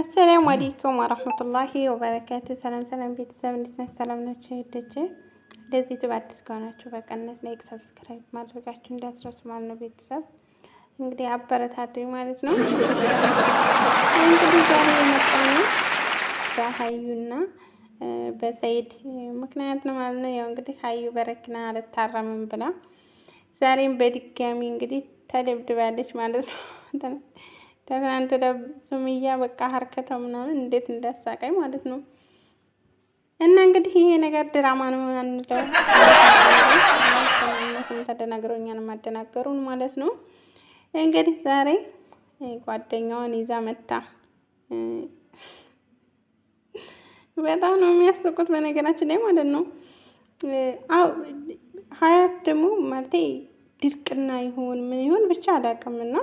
አሰላሙ አሌይኩም ወረህመቱላሂ ወበረካቱ። ሰላም ሰላም ቤተሰብ እንዴት ናችሁ? ሰላም ናችሁ? ሄደች እንደዚህ ዩቱብ አዲስ ከሆናችሁ በቀነት ላይክ፣ ሰብስክራይብ ማድረጋችሁ እንዳትረሱ ማለት ነው። ቤተሰብ እንግዲህ አበረታቱኝ ማለት ነው። እንግዲህ ዛሬ የመጣ ነው በሀዩና በሰይድ ምክንያት ነው ማለት ነው። ያው እንግዲህ ሀዩ በረኪና አልታረምም ብላ ዛሬም በድጋሚ እንግዲህ ተደብድባለች ማለት ነው። ከትናንት ሱምያ በቃ ሀርከተው ምናምን እንዴት እንዳሳቀኝ ማለት ነው። እና እንግዲህ ይሄ ነገር ድራማ ነው አንለው እነሱም ተደናግረውኛን ማደናገሩን ማለት ነው። እንግዲህ ዛሬ ጓደኛዋን ይዛ መታ በጣም ነው የሚያስቁት። በነገራችን ላይ ማለት ነው አው ሀያት ደግሞ ማለቴ ድርቅና ይሁን ምን ይሁን ብቻ አላውቅም እና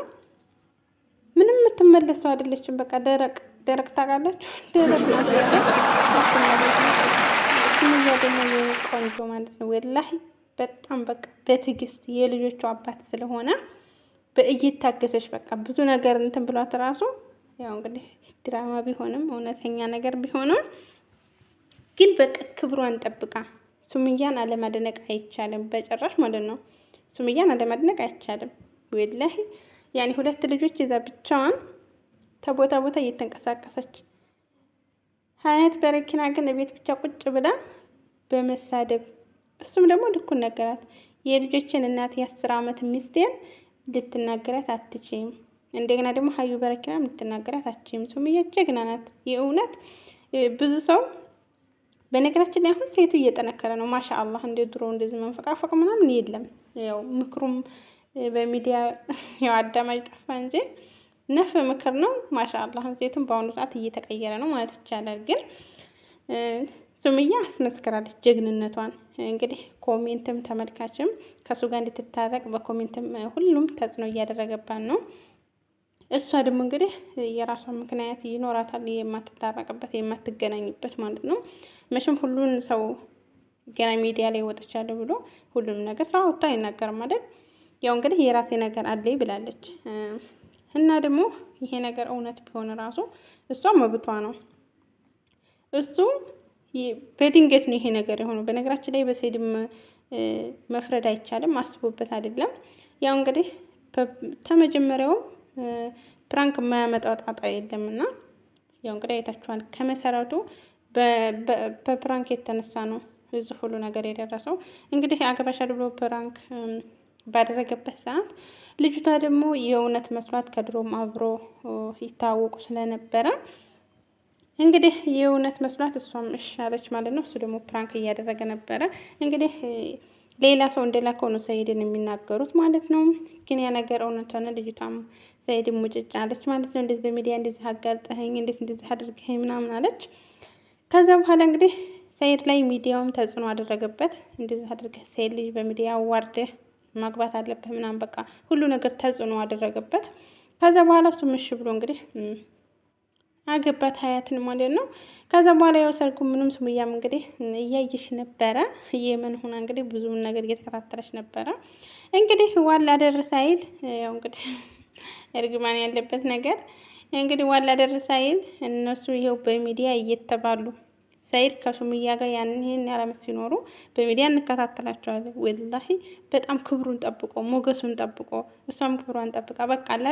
ምንም የምትመለሰው አይደለችም። በቃ ደረቅ ደረቅ ታውቃላችሁ፣ ደረቅ ሱመያ ደግሞ ቆንጆ ማለት ነው። ወላሂ በጣም በቃ በትዕግስት የልጆቹ አባት ስለሆነ እየታገሰች በቃ ብዙ ነገር እንትን ብሏት ራሱ ያው እንግዲህ ድራማ ቢሆንም እውነተኛ ነገር ቢሆንም ግን በቃ ክብሯን ጠብቃ ሱምያን አለማድነቅ አይቻልም፣ በጭራሽ ማለት ነው። ሱምያን አለማድነቅ አይቻልም ወላሂ ያኔ ሁለት ልጆች ይዛ ብቻዋን ተቦታ ቦታ እየተንቀሳቀሰች ሀያት በረኪና ግን ቤት ብቻ ቁጭ ብላ በመሳደብ እሱም ደግሞ ልኩን ነገራት። የልጆችን እናት የአስር ዓመት ሚስቴን ልትናገራት አትችም። እንደገና ደግሞ ሀዩ በረኪናም ልትናገራት አትችም። ሱምያ ጀግና ናት። የእውነት ብዙ ሰው በነገራችን ላይ አሁን ሴቱ እየጠነከረ ነው። ማሻ አላህ እንደ ድሮ እንደዚህ መንፈቃፈቅ ምናምን የለም። ያው ምክሩም በሚዲያ ያው አዳማጭ ጠፋ እንጂ ነፍ ምክር ነው። ማሻላ ሴቱም በአሁኑ ሰዓት እየተቀየረ ነው ማለት ይቻላል። ግን ሱምያ አስመስክራለች ጀግንነቷን። እንግዲህ ኮሜንትም ተመልካችም ከእሱ ጋር እንድትታረቅ በኮሜንትም ሁሉም ተጽዕኖ እያደረገባት ነው። እሷ ደግሞ እንግዲህ የራሷ ምክንያት ይኖራታል፣ የማትታረቅበት የማትገናኝበት ማለት ነው። መቼም ሁሉን ሰው ገና ሚዲያ ላይ ወጥቻለሁ ብሎ ሁሉንም ነገር ሰው አውጥቶ አይናገርም አይደል? ያው እንግዲህ የራሴ ነገር አለኝ ብላለች እና ደግሞ ይሄ ነገር እውነት ቢሆን ራሱ እሷ መብቷ ነው። እሱ በድንገት ነው ይሄ ነገር የሆነው። በነገራችን ላይ በሴድም መፍረድ አይቻልም፣ አስቦበት አይደለም። ያው እንግዲህ ከመጀመሪያውም ፕራንክ የማያመጣው ጣጣ የለም እና ያው እንግዲህ አይታችኋል። ከመሰረቱ በፕራንክ የተነሳ ነው እዚህ ሁሉ ነገር የደረሰው። እንግዲህ አገባሻል ብሎ ፕራንክ ባደረገበት ሰዓት ልጅቷ ደግሞ የእውነት መስሏት ከድሮም አብሮ ይታወቁ ስለነበረ እንግዲህ የእውነት መስሏት እሷም እሺ አለች ማለት ነው። እሱ ደግሞ ፕራንክ እያደረገ ነበረ እንግዲህ ሌላ ሰው እንደላከው ነው ሰይድን የሚናገሩት ማለት ነው። ግን ያ ነገር እውነት ሆነ። ልጅቷም ሰይድን ሙጭጭ አለች ማለት ነው። እንዴት በሚዲያ እንደዚህ አጋልጠኸኝ፣ እንዴት እንደዚህ አድርገኸኝ ምናምን አለች። ከዛ በኋላ እንግዲህ ሰይድ ላይ ሚዲያውም ተጽዕኖ አደረገበት። እንደዚህ አድርገህ ሰይድ ልጅ በሚዲያ አዋርደህ ማግባት አለብህ ምናምን በቃ ሁሉ ነገር ተጽዕኖ አደረገበት። ከዛ በኋላ እሱ ምሽ ብሎ እንግዲህ አገባት ሀያትን ማለት ነው። ከዛ በኋላ ያው ሰርጉ ምንም ሱመያም እንግዲህ እያየሽ ነበረ የመን ሆና እንግዲህ ብዙም ነገር እየተከታተለች ነበረ። እንግዲህ ዋላ ደርስ አይል ያው እንግዲህ እርግማን ያለበት ነገር እንግዲህ ዋላ ደርስ አይል እነሱ ይኸው በሚዲያ እየተባሉ ሰይድ ከሱምያ ጋር ያንን ይሄን ያላመት ሲኖሩ በሚዲያ እንከታተላቸዋለን። ወላሂ በጣም ክብሩን ጠብቆ ሞገሱን ጠብቆ እሷም ክብሯን ጠብቃ በቃ አለ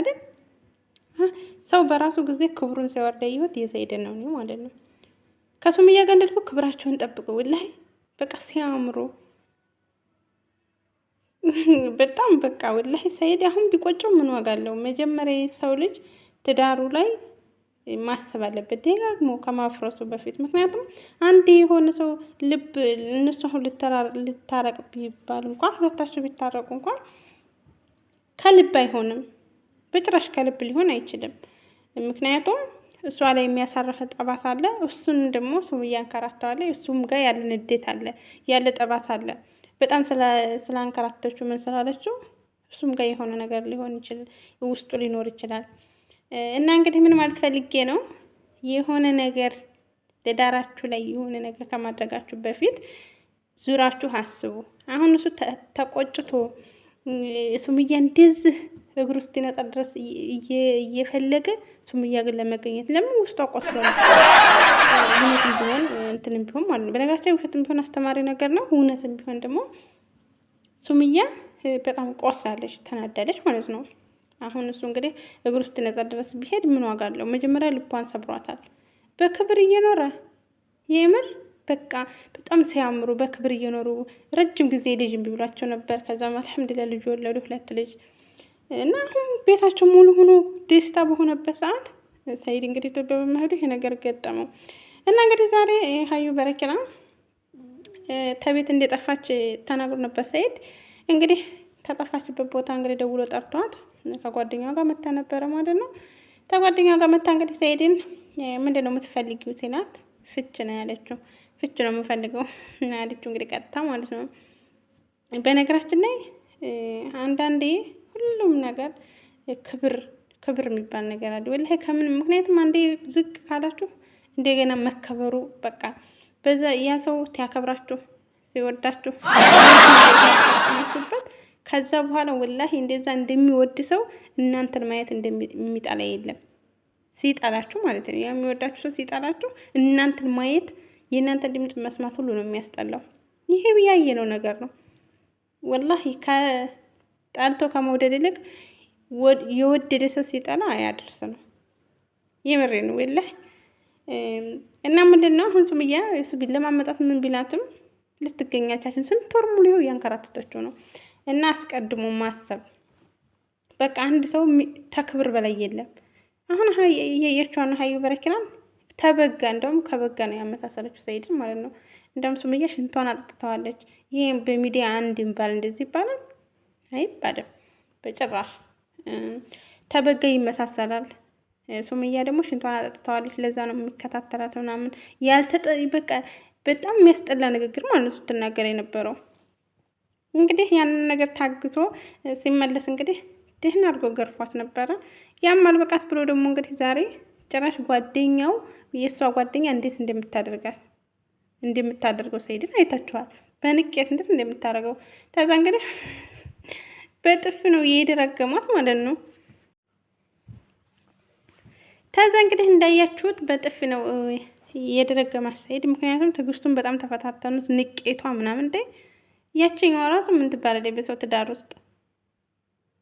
ሰው በራሱ ጊዜ ክብሩን ሲያወርደ ይወት የሰይድን ነው ነው ማለት ነው። ከሱምያ ጋር እንደልኩ ክብራቸውን ጠብቆ ወላሂ በቃ ሲያምሩ በጣም በቃ ወላሂ ሰይድ አሁን ቢቆጨው ምን ዋጋ አለው? መጀመሪያ የሰው ልጅ ትዳሩ ላይ ማሰብ አለበት ደጋግሞ ከማፍረሱ በፊት። ምክንያቱም አንድ የሆነ ሰው ልብ እነሱ አሁን ልታረቅ ቢባል እንኳን ሁለታቸው ቢታረቁ እንኳን ከልብ አይሆንም፣ በጭራሽ ከልብ ሊሆን አይችልም። ምክንያቱም እሷ ላይ የሚያሳረፈ ጠባሳ አለ። እሱን ደግሞ ሰው እያንከራተዋለ፣ እሱም ጋር ያለ ንዴት አለ፣ ያለ ጠባሳ አለ። በጣም ስላንከራተችው ምን ስላለችው እሱም ጋር የሆነ ነገር ሊሆን ይችላል፣ ውስጡ ሊኖር ይችላል። እና እንግዲህ ምን ማለት ፈልጌ ነው የሆነ ነገር ትዳራችሁ ላይ የሆነ ነገር ከማድረጋችሁ በፊት ዙራችሁ አስቡ። አሁን እሱ ተቆጭቶ ሱምያ እንደዚህ እግር ውስጥ ይነጣ ድረስ እየፈለገ ሱምያ ግን ለመገኘት ለምን ውስጡ አቆስሎ እውነትም ቢሆን እንትንም ቢሆን ማለት ነው። በነገራችን ውሸትም ቢሆን አስተማሪ ነገር ነው። እውነትም ቢሆን ደግሞ ሱምያ በጣም ቆስላለች፣ ተናዳለች ማለት ነው። አሁን እሱ እንግዲህ ውስጥ ነጻ ድረስ ቢሄድ ምን ዋጋ አለው? መጀመሪያ ልቧን ሰብሯታል። በክብር እየኖረ የምር በቃ በጣም ሲያምሩ በክብር እየኖሩ ረጅም ጊዜ ልጅ እምቢ ብሏቸው ነበር። ከዛም አልሐምዱሊላህ ልጅ ወለዱ፣ ሁለት ልጅ እና አሁን ቤታቸው ሙሉ ሆኖ ደስታ በሆነበት ሰዓት ሰይድ እንግዲህ ኢትዮጵያ በመሄዱ ይሄ ነገር ገጠመው እና እንግዲህ ዛሬ ሀዩ በረኪና ተቤት እንደጠፋች ተናግሮ ነበር ሰይድ። እንግዲህ ተጠፋችበት ቦታ እንግዲህ ደውሎ ጠርቷት ከጓደኛዋ ጋር መታ ነበረ ማለት ነው። ከጓደኛዋ ጋር መታ እንግዲህ ሰኢድን ምንድን ነው የምትፈልጊው ሲላት ፍች ነው ያለችው። ፍች ነው የምፈልገው ያለችው እንግዲህ ቀጥታ ማለት ነው። በነገራችን ላይ አንዳንዴ ሁሉም ነገር ክብር ክብር የሚባል ነገር አለ። ወላሂ ከምን ምክንያቱም አንዴ ዝቅ ካላችሁ እንደገና መከበሩ በቃ በዛ ያ ሰው ያከብራችሁ ሲወዳችሁ ከዛ በኋላ ወላሂ እንደዛ እንደሚወድ ሰው እናንተን ማየት እንደሚጠላ የለም። ሲጠላችሁ ማለት ነው። የሚወዳችሁ ሰው ሲጠላችሁ እናንተን ማየት የእናንተን ድምፅ መስማት ሁሉ ነው የሚያስጠላው። ይሄ ነው ነገር ነው። ወላሂ ከጠልቶ ከመውደድ ይልቅ የወደደ ሰው ሲጠላ አያደርስ ነው። የምሬ ነው ወላሂ። እና ምንድን ነው አሁን ሱምያ እሱ ቢለማመጣት ምን ቢላትም ልትገኛቻችን ስንት ወር ሙሉ ይኸው እያንከራተተችው ነው። እና አስቀድሞ ማሰብ በቃ አንድ ሰው ተክብር በላይ የለም። አሁን የየቿን ሀዩ በረኪና ተበጋ እንደውም ከበጋ ነው ያመሳሰለችው ሰይድን ማለት ነው። እንደውም ሱምያ ሽንቷን አጥጥተዋለች። ይህም በሚዲያ አንድ ይባል እንደዚህ ይባላል አይባልም በጭራሽ። ተበጋ ይመሳሰላል። ሱምያ ደግሞ ሽንቷን አጠጥተዋለች። ለዛ ነው የሚከታተላት ምናምን ያልተጠ በቃ በጣም የሚያስጠላ ንግግር ማለት ነው ስትናገር የነበረው። እንግዲህ ያንን ነገር ታግቶ ሲመለስ እንግዲህ ደህን አድርጎ ገርፏት ነበረ። ያም አልበቃት ብሎ ደግሞ እንግዲህ ዛሬ ጭራሽ ጓደኛው የእሷ ጓደኛ እንዴት እንደምታደርጋት እንደምታደርገው ሰይድን አይታችኋል። በንቄት እንዴት እንደምታደርገው ከዛ እንግዲህ በጥፍ ነው የደረገሟት ማለት ነው። ከዛ እንግዲህ እንዳያችሁት በጥፍ ነው የደረገማት ሰይድ። ምክንያቱም ትዕግስቱን በጣም ተፈታተኑት፣ ንቄቷ ምናምን እንዴ ያችኛዋ ራሱ ምን ትባላለች? በሰው ትዳር ውስጥ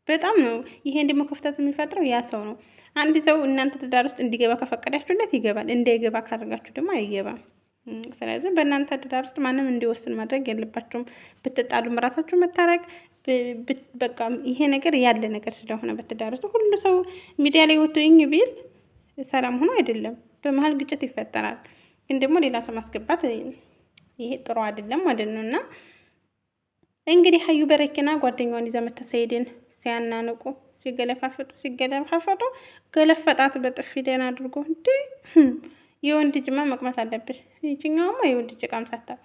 በጣም ነው። ይሄን ደግሞ ክፍተት የሚፈጥረው ያ ሰው ነው። አንድ ሰው እናንተ ትዳር ውስጥ እንዲገባ ከፈቀዳችሁለት ይገባል። እንዳይገባ ካደረጋችሁ ደግሞ አይገባም። ስለዚህ በእናንተ ትዳር ውስጥ ማንም እንዲወስን ማድረግ የለባችሁም። ብትጣሉም ራሳችሁ መታረቅ በቃ ይሄ ነገር ያለ ነገር ስለሆነ በትዳር ውስጥ ሁሉ ሰው ሚዲያ ላይ ወጥቶ ይኝ ቢል ሰላም ሆኖ አይደለም። በመሀል ግጭት ይፈጠራል። ግን ደግሞ ሌላ ሰው ማስገባት ይሄ ጥሩ አይደለም ማለት ነው እና እንግዲህ ሀዩ በረኪና ጓደኛዋን ይዛ መታ ሰኢድን ሲያናንቁ ሲገለፋፈጡ ሲገለፋፈጡ ገለፈጣት በጥፊ ደህና አድርጎ እንዴ የወንድ ጅማ መቅመስ አለብሽ። ይችኛውማ የወንድ ጅ ቃም ሳታቅ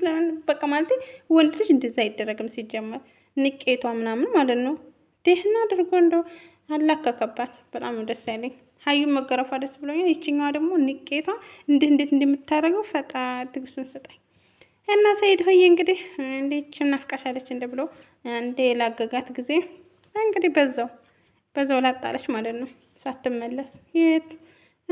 ስለምን በቃ ማለት ወንድ ልጅ እንደዛ አይደረግም። ሲጀመር ንቄቷ ምናምን ማለት ነው። ደህና አድርጎ እንደው አላከከባት። በጣም ደስ ያለኝ ሀዩን መገረፏ ደስ ብሎኛል። ይችኛዋ ደግሞ ንቄቷ እንዴት እንዴት እንደምታደርገው ፈጣ ትግስቱን ስጠኝ። እና ሰኢድ ሆይ እንግዲህ እንዴች ናፍቃሻለች እንደ ብሎ እንዴ ላገጋት ጊዜ እንግዲህ በዛው በዛው ላጣለች ማለት ነው። ሳትመለስ የት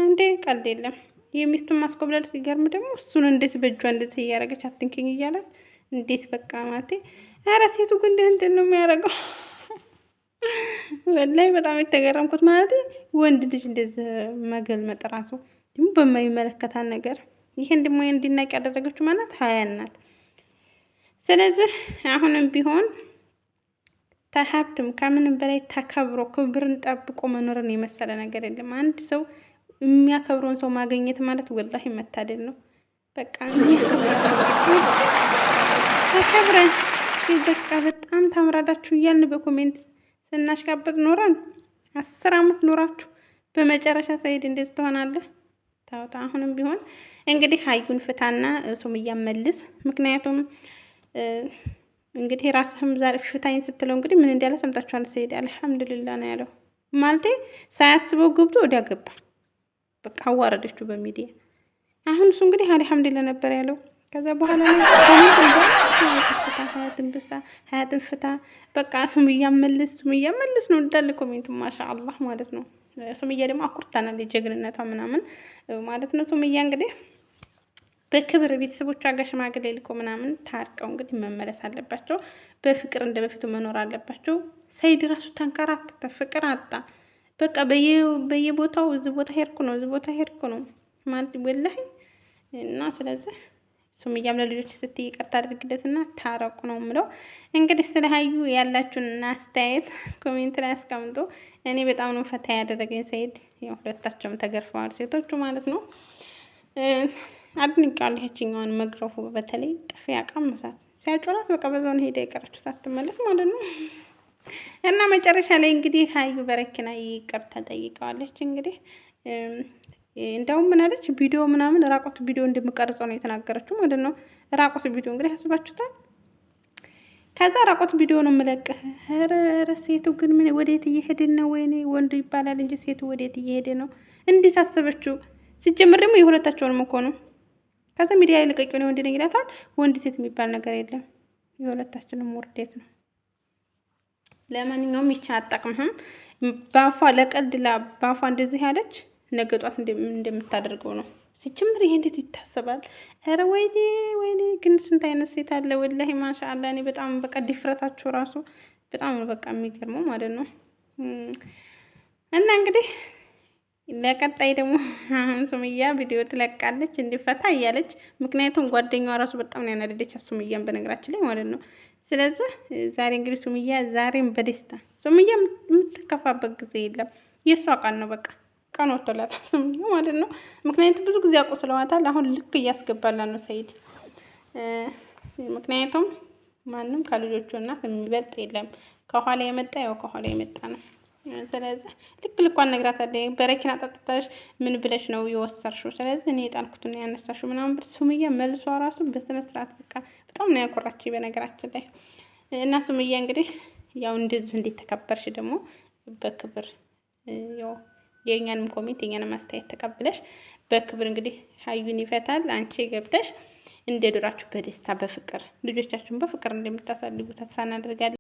እንዴ ቀልድ የለም። የሚስቱን ማስኮብለል ሲገርም ደግሞ እሱን እንዴት በእጇ እንደዚህ እያደረገች አትንኪኝ እያላት እንዴት በቃ ማለቴ ኧረ ሴቱ ግን እንትን ነው የሚያደርገው። ወላይ በጣም የተገረምኩት ማለት ወንድ ልጅ እንደዚህ መገልመጥ ራሱ ደግሞ በማይመለከታን ነገር ይህን ደግሞ እንዲናቅ ያደረገችው ማለት ሀያን ናት። ስለዚህ አሁንም ቢሆን ተሀብትም ከምንም በላይ ተከብሮ ክብርን ጠብቆ መኖርን የመሰለ ነገር የለም። አንድ ሰው የሚያከብረውን ሰው ማግኘት ማለት ወላሂ መታደል ነው። በቃ ተከብረ በቃ በጣም ታምራዳችሁ እያልን በኮሜንት ስናሽቃበጥ ኖረን አስር አመት ኖራችሁ በመጨረሻ ሰኢድ እንደዚህ ትሆናለህ? ታውታ አሁንም ቢሆን እንግዲህ ሀዩን ፍታና ሱምያን መልስ። ምክንያቱም እንግዲህ ራስህም ዛሬ ፍታኝ ስትለው እንግዲህ ምን እንዳለ ሰምታችኋል። ሰይድ አልሐምዱሊላ ነው ያለው። ማለቴ ሳያስበው ገብቶ ወዲያ ገባ። በቃ አዋረደችው በሚዲያ አሁን እሱ እንግዲህ አልሐምዱሊላ ነበር ያለው። ከዛ በኋላ ሀያትን ብታ ሀያትን ፍታ በቃ ሱምያ መልስ፣ ሱምያ መልስ ነው እንዳለ ኮሜንቱ። ማሻ አላህ ማለት ነው። ሱምያ ደግሞ አኩርታናል የጀግንነቷ ምናምን ማለት ነው። ሱምያ እንግዲህ በክብር ቤተሰቦቿ ጋር ሽማግሌ ልኮ ምናምን ታርቀው እንግዲህ መመለስ አለባቸው። በፍቅር እንደ በፊቱ መኖር አለባቸው። ሰይድ ራሱ ተንከራተተ፣ ፍቅር አጣ። በቃ በየቦታው እዚ ቦታ ሄድኩ ነው፣ እዚ ቦታ ሄድኩ ነው ማለት ወላሂ። እና ስለዚህ ሱምያም ለልጆች ስትይ ይቅርታ አድርግለትና ታረቁ ነው የምለው። እንግዲህ ስለ ሀዩ ያላችሁን አስተያየት ኮሜንት ላይ አስቀምጦ። እኔ በጣም ነው ፈታ ያደረገኝ ሰይድ። ሁለታቸውም ተገርፈዋል፣ ሴቶቹ ማለት ነው። አድንቄያለሁ። ያችኛዋን መግረፉ በተለይ ጥፊ ያቀምሳት ሲያጮላት በቃ በዛውን ሄደ የቀረችው ሳትመለስ ማለት ነው። እና መጨረሻ ላይ እንግዲህ ሀዩ በረኪና ይቅርታ ጠይቀዋለች። እንግዲህ እንደውም ምናለች ቪዲዮ ምናምን ራቆት ቪዲዮ እንደምቀርጸው ነው የተናገረችው ማለት ነው። ራቆት ቪዲዮ እንግዲህ አስባችሁታል። ከዛ ራቆት ቪዲዮ ነው የምለቅህ። ኧረ ሴቱ ግን ምን ወዴት እየሄድን ነው? ወይኔ ወንዱ ይባላል እንጂ ሴቱ ወዴት እየሄደ ነው? እንዴት አሰበችው? ሲጀምር ደግሞ የሁለታቸውንም እኮ ነው ከዛ ሚዲያ የለቀቂው ነው ወንድ ይላታል። ወንድ ሴት የሚባል ነገር የለም። የሁለታችንም ውርደት ነው። ለማንኛውም ይቻ አጠቅምህም ባፏ ለቀልድ ባፏ እንደዚህ ያለች ነገ ጧት እንደምታደርገው ነው። ሲጀምር ይሄ እንዴት ይታሰባል? ኧረ ወይኔ ወይኔ! ግን ስንት አይነት ሴት አለ ወላሂ ማሻአላ። እኔ በጣም በቃ ድፍረታቸው ራሱ በጣም ነው በቃ የሚገርመው ማለት ነው እና እንግዲህ ለቀጣይ ደግሞ አሁን ሱምያ ቪዲዮ ትለቃለች እንዲፈታ እያለች ምክንያቱም ጓደኛዋ ራሱ በጣም ነው ያናደደች ሱምያን በነገራችን ላይ ማለት ነው። ስለዚህ ዛሬ እንግዲህ ሱምያ ዛሬም በደስታ ሱምያ የምትከፋበት ጊዜ የለም። የእሷ ቃል ነው በቃ ቀን ወጥቶላታል ሱምያ ማለት ነው። ምክንያቱም ብዙ ጊዜ አቆስለዋታል። አሁን ልክ እያስገባላ ነው ሰይድ። ምክንያቱም ማንም ከልጆቹ እናት የሚበልጥ የለም። ከኋላ የመጣ ያው ከኋላ የመጣ ነው። ስለዚህ ልክ ልኳን ነግራታለች። በረኪና ጠጥተሽ ምን ብለሽ ነው የወሰርሽው? ስለዚህ እኔ የጣልኩትን ያነሳሽው ምናምን ብለሽ ሱምያ መልሷ ራሱ በስነ ስርዓት በቃ በጣም ነው ያኮራች በነገራችን ላይ እና ሱምያ እንግዲህ ያው እንደዚሁ እንዴት ተከበርሽ ደግሞ በክብር ያው የእኛንም ኮሜንት የኛንም አስተያየት ተቀብለሽ በክብር እንግዲህ ሀዩን ይፈታል። አንቺ ገብተሽ እንደ ዶራችሁ በደስታ በፍቅር ልጆቻችሁን በፍቅር እንደምታሳድጉ ተስፋ እናደርጋለን።